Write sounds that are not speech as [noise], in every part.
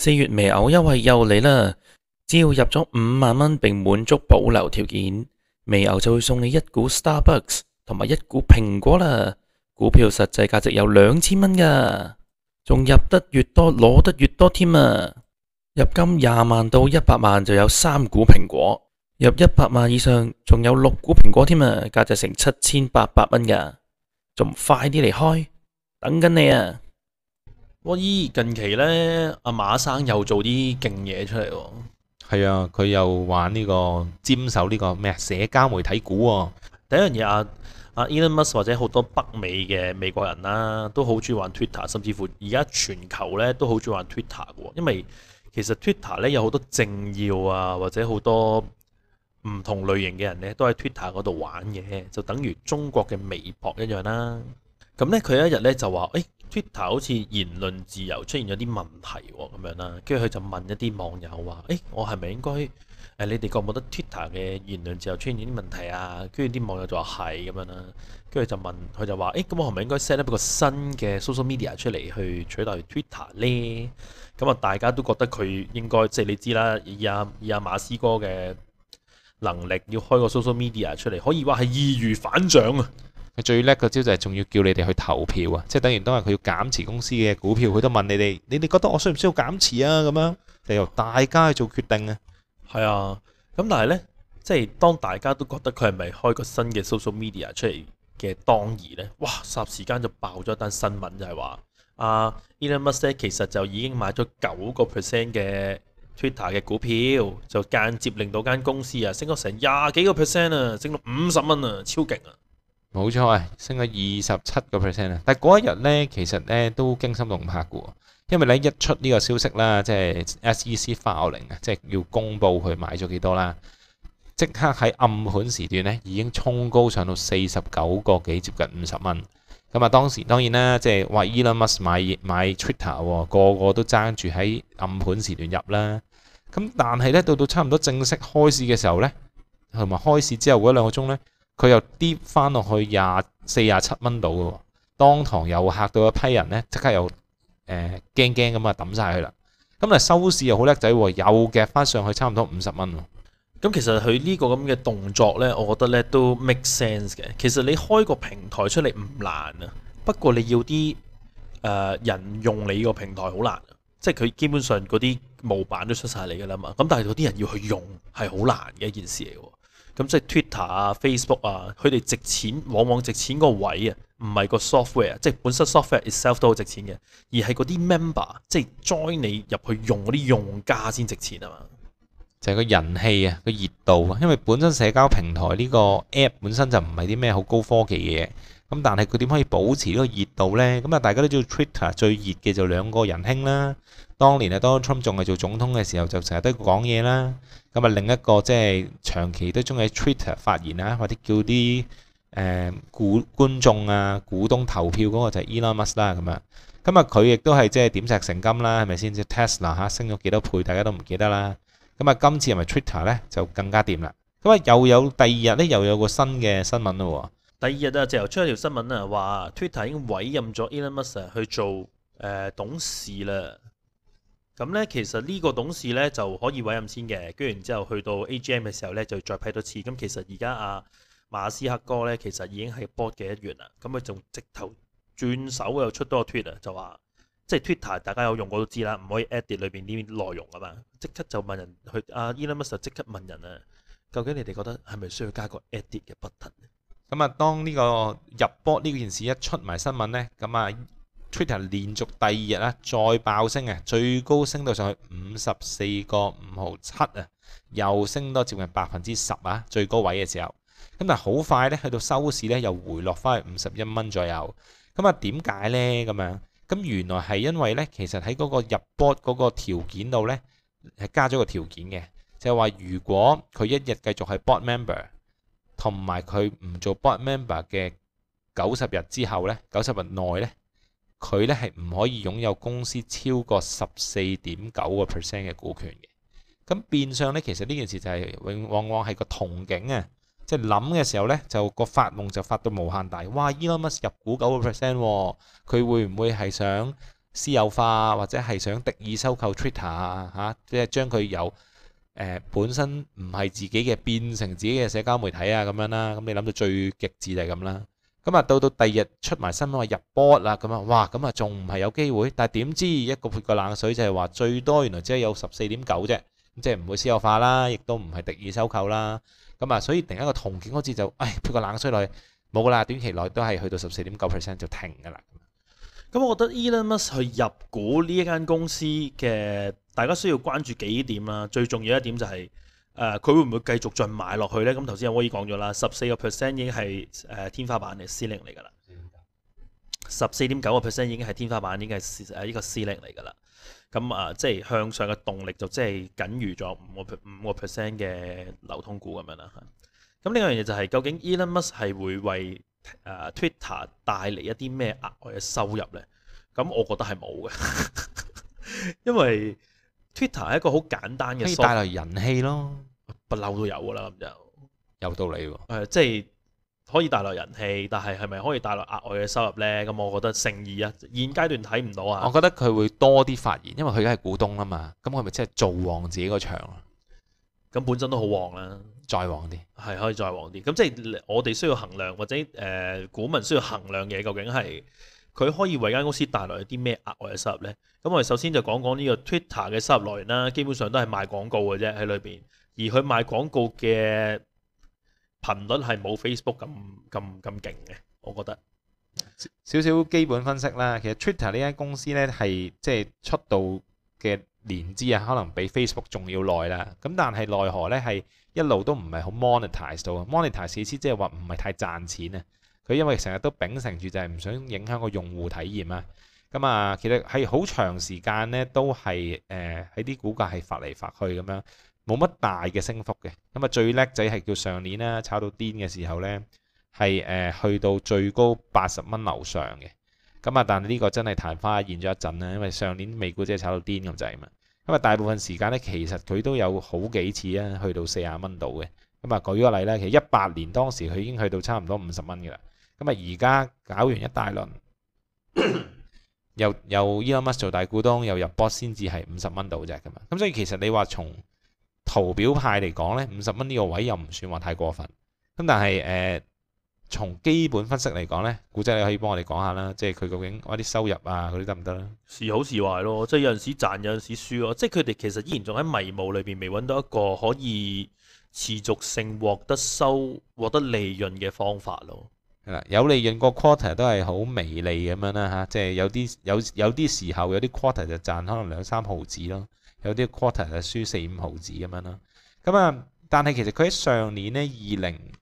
四月微牛優惠又嚟啦！只要入咗五萬蚊並滿足保留條件，微牛就會送你一股 Starbucks 同埋一股蘋果啦。股票實際價值有兩千蚊噶，仲入得越多攞得越多添啊！入金廿萬到一百萬就有三股蘋果，入一百萬以上仲有六股蘋果添啊，價值成七千八百蚊噶，仲快啲嚟開，等緊你啊！我咦近期咧，阿、啊、馬生又做啲勁嘢出嚟喎。係啊，佢又玩呢個沾手呢個咩啊？社交媒體股喎。第一樣嘢啊啊，Elon Musk 或者好多北美嘅美國人啦、啊，都好中意玩 Twitter，甚至乎而家全球咧都好中意玩 Twitter 嘅。因為其實 Twitter 咧有好多政要啊，或者好多唔同類型嘅人咧都喺 Twitter 度玩嘅，就等於中國嘅微博一樣啦、啊。咁咧，佢一日咧就話，誒、欸、Twitter 好似言論自由出現咗啲問題喎、哦，咁樣啦。跟住佢就問一啲網友話，誒、欸，我係咪應該，你哋覺唔覺得 Twitter 嘅言論自由出現咗啲問題啊？跟住啲網友就話係咁樣啦。跟住就問佢就話，誒、欸，咁我係咪應該 set 一個新嘅 social media 出嚟去取代 Twitter 咧？咁啊，大家都覺得佢應該，即係你知啦，以阿、啊、以阿、啊、馬斯哥嘅能力，要開個 social media 出嚟，可以話係易如反掌啊！佢最叻嗰招就係仲要叫你哋去投票啊！即係等於當日佢要減持公司嘅股票，佢都問你哋：你哋覺得我需唔需要減持啊？咁樣就由大家去做決定啊！係啊，咁但係呢，即係當大家都覺得佢係咪開個新嘅 social media 出嚟嘅當兒呢，哇！霎時間就爆咗一單新聞就，就係話阿 Elon Musk 呢其實就已經買咗九個 percent 嘅 Twitter 嘅股票，就間接令到間公司啊升咗成廿幾個 percent 啊，升到五十蚊啊，超勁啊！冇錯啊，升咗二十七個 percent 啊！但係嗰一日咧，其實咧都驚心動魄嘅，因為咧一出呢個消息啦，即係 SEC filing 啊，即係要公布佢買咗幾多啦，即刻喺暗盤時段咧已經衝高上到四十九個幾，接近五十蚊。咁啊，當時當然啦，即係喂 Elon Musk 買買 Twitter，個個都爭住喺暗盤時段入啦。咁但係咧，到到差唔多正式開市嘅時候咧，同埋開市之後嗰兩個鐘咧。佢又跌翻落去廿四廿七蚊度嘅，2, 4, 2, 當堂又嚇到一批人呢，即、欸、刻又誒驚驚咁啊抌晒佢啦！咁啊收市又好叻仔喎，又夾翻上去差唔多五十蚊喎。咁其實佢呢個咁嘅動作呢，我覺得呢都 make sense 嘅。其實你開個平台出嚟唔難啊，不過你要啲人用你個平台好難，即係佢基本上嗰啲模板都出晒嚟㗎啦嘛。咁但係嗰啲人要去用係好難嘅一件事嚟喎。咁即係 Twitter 啊、Facebook 啊，佢哋值錢往往值錢位個位啊，唔係個 software 即係本身 software itself 都好值錢嘅，而係嗰啲 member，即係 join 你入去用嗰啲用家先值錢啊嘛，就係個人氣啊，那個熱度啊，因為本身社交平台呢個 app 本身就唔係啲咩好高科技嘅嘢。咁但係佢點可以保持個熱呢個熱度咧？咁啊，大家都知道 Twitter 最熱嘅就兩個仁兄啦。當年啊，當 Trump 仲係做總統嘅時候，就成日都講嘢啦。咁啊，另一個即係長期都中意 Twitter 發言啊，或者叫啲誒股觀眾啊、股東投票嗰個就係 Elon Musk 啦。咁啊，咁啊，佢亦都係即係點石成金啦，係咪先、就是、？Tesla 升咗幾多倍，大家都唔記得啦。咁啊，今次係咪 Twitter 咧就更加掂啦？咁啊，又有第二日咧，又有個新嘅新聞啦喎。第二日啊，就又出一條新聞啊，話 Twitter 已經委任咗 Elon Musk 去做誒、呃、董事啦。咁咧，其實呢個董事咧就可以委任先嘅，跟住然之後去到 AGM 嘅時候咧就再批多次。咁、嗯、其實而家阿馬斯克哥咧其實已經係 board 嘅一員啦。咁佢仲直頭轉手又出多個 Twitter 就話即係 Twitter 大家有用過都知啦，唔可以 edit 裏邊呢啲內容啊嘛。即刻就問人去阿、啊、Elon Musk 即刻問人啊，究竟你哋覺得係咪需要加個 edit 嘅 button？咁啊，當呢個入 board 呢件事一出埋新聞咧，咁啊，Twitter 連續第二日啊，再爆升嘅，最高升到上去五十四個五毫七啊，又升多接近百分之十啊，最高位嘅時候，咁但係好快咧，去到收市咧又回落翻去五十一蚊左右。咁啊，點解咧？咁樣，咁原來係因為咧，其實喺嗰個入 board 嗰個條件度咧，係加咗個條件嘅，就係話如果佢一日繼續係 board member。同埋佢唔做 board member 嘅九十日之後呢九十日內呢，佢呢係唔可以擁有公司超過十四點九個 percent 嘅股權嘅。咁變相呢，其實呢件事就係、是、永往往係個憧憬啊，即係諗嘅時候呢，就、那個發夢就發到無限大。哇！Elon Musk 入股九個 percent 喎，佢會唔會係想私有化或者係想敵意收購 Twitter 啊？嚇，即係將佢有。呃、本身唔係自己嘅，變成自己嘅社交媒體啊咁樣啦，咁你諗到最極致就係咁啦。咁啊到到第二日出埋新聞話入 board 啦，咁啊哇，咁啊仲唔係有機會？但係點知一個潑個冷水就係話最多原來只有十四點九啫，即係唔會私有化啦，亦都唔係敵意收購啦。咁啊，所以突然一個同景好似就唉，潑個冷水落去，冇噶啦，短期內都係去到十四點九 percent 就停噶啦。咁、嗯、我覺得 Elon Musk 去入股呢間公司嘅。大家需要關注幾點啦？最重要一點就係、是、誒，佢、呃、會唔會繼續進買落去咧？咁頭先阿威爾講咗啦，十四個 percent 已經係誒、呃、天花板嚟，ceiling 嚟㗎啦。十四點九個 percent 已經係天花板，已經係誒呢個 ceiling 嚟㗎啦。咁啊、呃，即係向上嘅動力就即係僅餘咗五個五個 percent 嘅流通股咁樣啦。咁呢一樣嘢就係、是，究竟 Elon Musk 係會為誒、呃、Twitter 帶嚟一啲咩額外嘅收入咧？咁我覺得係冇嘅，因為 Twitter 係一個好簡單嘅嘢，可以帶來人氣咯，不嬲都有㗎啦咁就，有道理喎。即係可以帶來人氣，但係係咪可以帶來額外嘅收入呢？咁我覺得誠意啊，現階段睇唔到啊。我覺得佢會多啲發言，因為佢而家係股東啦嘛，咁佢咪即係做旺自己個場啊？咁本身都好旺啦、啊，再旺啲，係可以再旺啲。咁即係我哋需要衡量，或者誒、呃、股民需要衡量嘅嘢，究竟係。佢可以為間公司帶來啲咩額外嘅收入呢？咁我哋首先就講講呢個 Twitter 嘅收入來源啦，基本上都係賣廣告嘅啫，喺裏邊，而佢賣廣告嘅頻率係冇 Facebook 咁咁咁勁嘅，我覺得。少少基本分析啦，其實 Twitter 呢間公司呢，係即係出道嘅年資啊，可能比 Facebook 仲要耐啦。咁但係奈何呢？係一路都唔係好 monetize 到 monetize 意思即係話唔係太賺錢啊。佢因為成日都秉承住就係、是、唔想影響個用戶體驗啊，咁啊，其實係好長時間咧都係誒喺啲股價係發嚟發去咁樣，冇乜大嘅升幅嘅。咁啊，最叻仔係叫上年啦，炒到癲嘅時候咧，係、呃、去到最高八十蚊樓上嘅。咁啊，但呢個真係曇花現咗一陣啦，因為上年美股真係炒到癲咁滯嘛。咁啊，大部分時間咧，其實佢都有好幾次啊，去到四啊蚊度嘅。咁啊，舉個例咧，其實一八年當時佢已經去到差唔多五十蚊嘅啦。咁啊！而家搞完一大輪，又又咳咳 Elon Musk 做大股東，又入波先至係五十蚊度啫。咁咁所以其實你話從圖表派嚟講呢，五十蚊呢個位又唔算話太過分。咁但係從、呃、基本分析嚟講呢，估計你可以幫我哋講下啦，即係佢究竟嗰啲收入啊，佢啲得唔得啦？行行是好是壞咯，即係有陣時賺，有陣時輸咯。即係佢哋其實依然仲喺迷霧裏面，未揾到一個可以持續性獲得收獲得利潤嘅方法咯。有利潤個 quarter 都係好微利咁樣啦嚇，即係有啲有有啲時候有啲 quarter 就賺可能兩三毫子咯，有啲 quarter 就輸四五毫子咁樣咯。咁、那個嗯、啊，但係其實佢喺上年呢，二零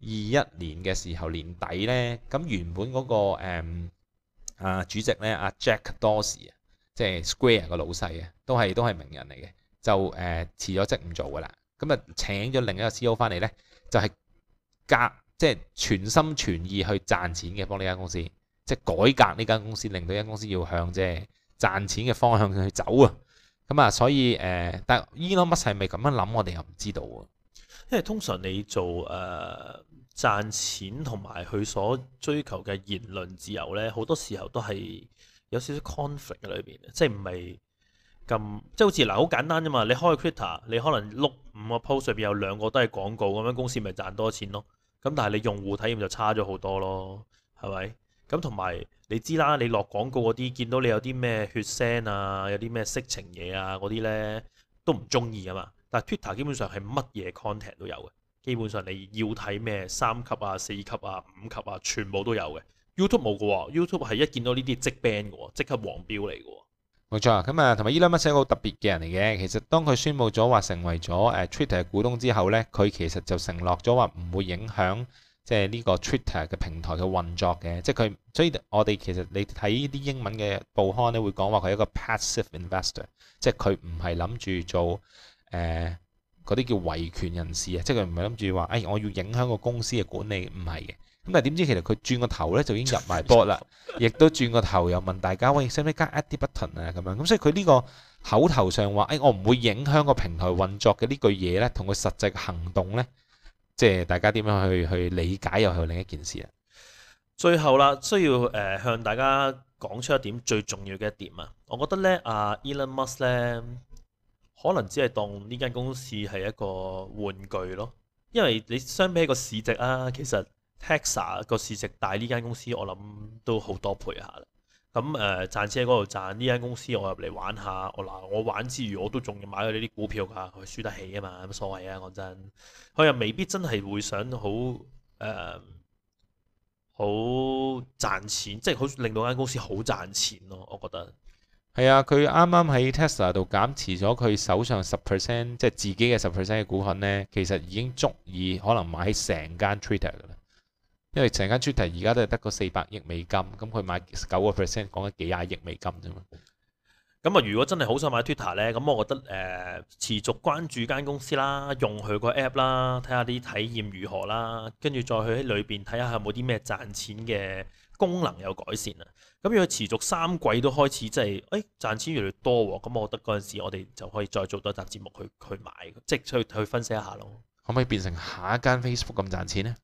二一年嘅時候年底呢，咁原本嗰個啊主席呢，阿 Jack Dorsey 啊，即係 Square 個老細啊，sey，都係都係名人嚟嘅，就誒辭咗職唔做噶啦。咁啊請咗另一個 CEO 翻嚟呢，就係、是、加。即係全心全意去賺錢嘅，幫呢間公司，即係改革呢間公司，令到呢間公司要向即係賺錢嘅方向去走啊！咁啊，所以誒，但 Elon Musk，係咪咁樣諗，我哋又唔知道啊。因為通常你做誒賺錢同埋佢所追求嘅言論自由呢，好多時候都係有少少 conflict 喺裏邊，即係唔係咁，即係好似嗱好簡單啫嘛。你開個 Twitter，你可能碌五個 post 上邊有兩個都係廣告咁樣，公司咪賺多錢咯。咁但係你用戶體驗就差咗好多咯，係咪？咁同埋你知啦，你落廣告嗰啲見到你有啲咩血腥啊，有啲咩色情嘢啊嗰啲呢都唔中意啊嘛。但係 Twitter 基本上係乜嘢 content 都有嘅，基本上你要睇咩三級啊、四級啊、五級啊，全部都有嘅。YouTube 冇㗎喎，YouTube 係一見到呢啲即 ban 嘅，即刻黃標嚟嘅。冇錯，咁啊，同埋 Elon Musk 一個好特別嘅人嚟嘅。其實當佢宣佈咗話成為咗誒、啊、Twitter 嘅股東之後呢，佢其實就承諾咗話唔會影響即係呢個 Twitter 嘅平台嘅運作嘅。即係佢，所以我哋其實你睇啲英文嘅報刊咧會講話佢係一個 passive investor，即係佢唔係諗住做誒嗰啲叫維權人士啊，即係佢唔係諗住話，哎，我要影響個公司嘅管理，唔係嘅。咁但係點知其實佢轉個頭咧就已經入埋 board 啦，亦 [laughs] 都轉個頭又問大家喂，使唔使加一啲 button 啊？咁樣咁、嗯、所以佢呢個口頭上、哎、話，誒我唔會影響個平台運作嘅呢句嘢咧，同佢實際嘅行動咧，即係大家點樣去去理解又係另一件事啦。最後啦，需要誒、呃、向大家講出一點最重要嘅一點啊，我覺得咧阿、啊、Elon Musk 咧，可能只係當呢間公司係一個玩具咯，因為你相比起個市值啊，其實。Tesla 個市值大呢間公司，我諗都好多倍下啦。咁誒賺車嗰度賺呢間公司，我入嚟玩下。我嗱，我玩之餘，我都仲要買佢啲股票㗎，佢輸得起啊嘛，冇所謂啊講真。佢又未必真係會想好誒好賺錢，即係好令到間公司好賺錢咯。我覺得係啊，佢啱啱喺 Tesla 度減持咗佢手上十 percent 即係自己嘅十 percent 嘅股份呢，其實已經足以可能買成間 Twitter 㗎啦。因為成間 Twitter 而家都係得個四百億美金，咁佢買九個 percent，講緊幾廿億美金啫嘛。咁啊，如果真係好想買 Twitter 咧，咁我覺得誒、呃、持續關注間公司啦，用佢個 app 啦，睇下啲體驗如何啦，跟住再去喺裏邊睇下有冇啲咩賺錢嘅功能有改善啊。咁如果持續三季都開始即係誒賺錢越嚟越多，咁我覺得嗰陣時我哋就可以再做多一集節目去去買，即係去去分析一下咯。可唔可以變成下一間 Facebook 咁賺錢呢？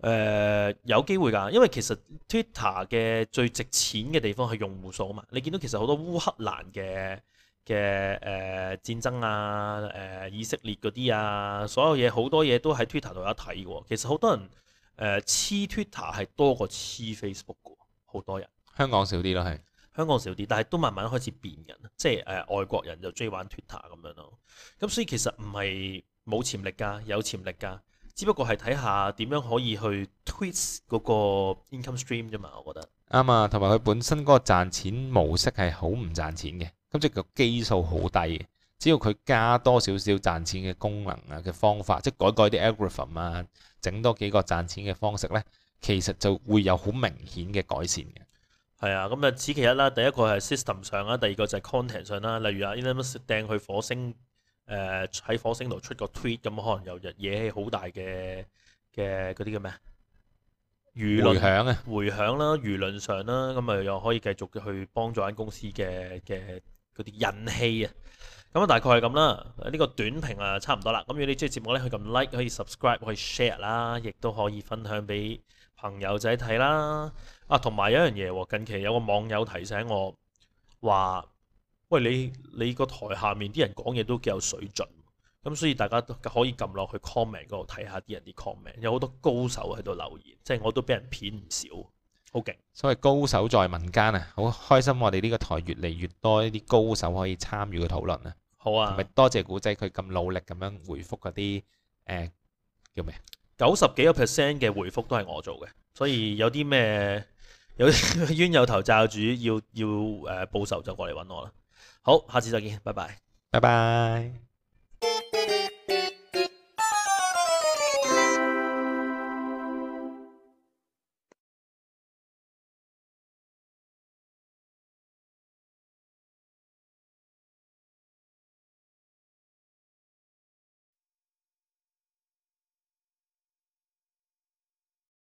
誒、呃、有機會㗎，因為其實 Twitter 嘅最值錢嘅地方係用戶數啊嘛。你見到其實好多烏克蘭嘅嘅誒戰爭啊、誒、呃、以色列嗰啲啊，所有嘢好多嘢都喺 Twitter 度有得睇喎。其實好多人誒黐 Twitter 係多過黐 Facebook 嘅，好多人。呃、好多人香港少啲啦，係香港少啲，但係都慢慢開始變人，即係、呃、外國人就鍾意玩 Twitter 咁樣咯。咁所以其實唔係冇潛力㗎，有潛力㗎。只不過係睇下點樣可以去 twist 嗰個 income stream 啫嘛，我覺得啱啊，同埋佢本身嗰個賺錢模式係好唔賺錢嘅，咁即係個基數好低嘅。只要佢加多少少賺錢嘅功能啊嘅方法，即係改改啲 algorithm 啊，整多幾個賺錢嘅方式咧，其實就會有好明顯嘅改善嘅。係啊，咁啊，此其一啦。第一個係 system 上啦，第二個就係 content 上啦。例如啊，依家乜掟去火星？誒喺、呃、火星度出個 tweet 咁，可能又惹惹起好大嘅嘅嗰啲叫咩啊？輿論響啊，回響啦，輿論上啦，咁咪又可以繼續去幫助間公司嘅嘅嗰啲人氣啊。咁啊，大概係咁啦。呢、呢個短評啊，差唔多啦。咁如果你中意節目咧，可以撳 like，可以 subscribe，可以 share 啦，亦都可以分享俾朋友仔睇啦。啊，同埋有一樣嘢喎，近期有個網友提醒我話。喂，你你個台下面啲人講嘢都幾有水準，咁所以大家都可以撳落去 comment 嗰度睇下啲人啲 comment，有好多高手喺度留言，即係我都俾人騙唔少，好勁。所謂高手在民間啊！好開心，我哋呢個台越嚟越多一啲高手可以參與嘅討論啊！好啊，同埋多謝古仔佢咁努力咁樣回覆嗰啲誒叫咩？九十幾個 percent 嘅回覆都係我做嘅，所以有啲咩有冤有頭罩主要要誒、呃、報仇就過嚟揾我啦。好，下期再見，拜拜，拜拜。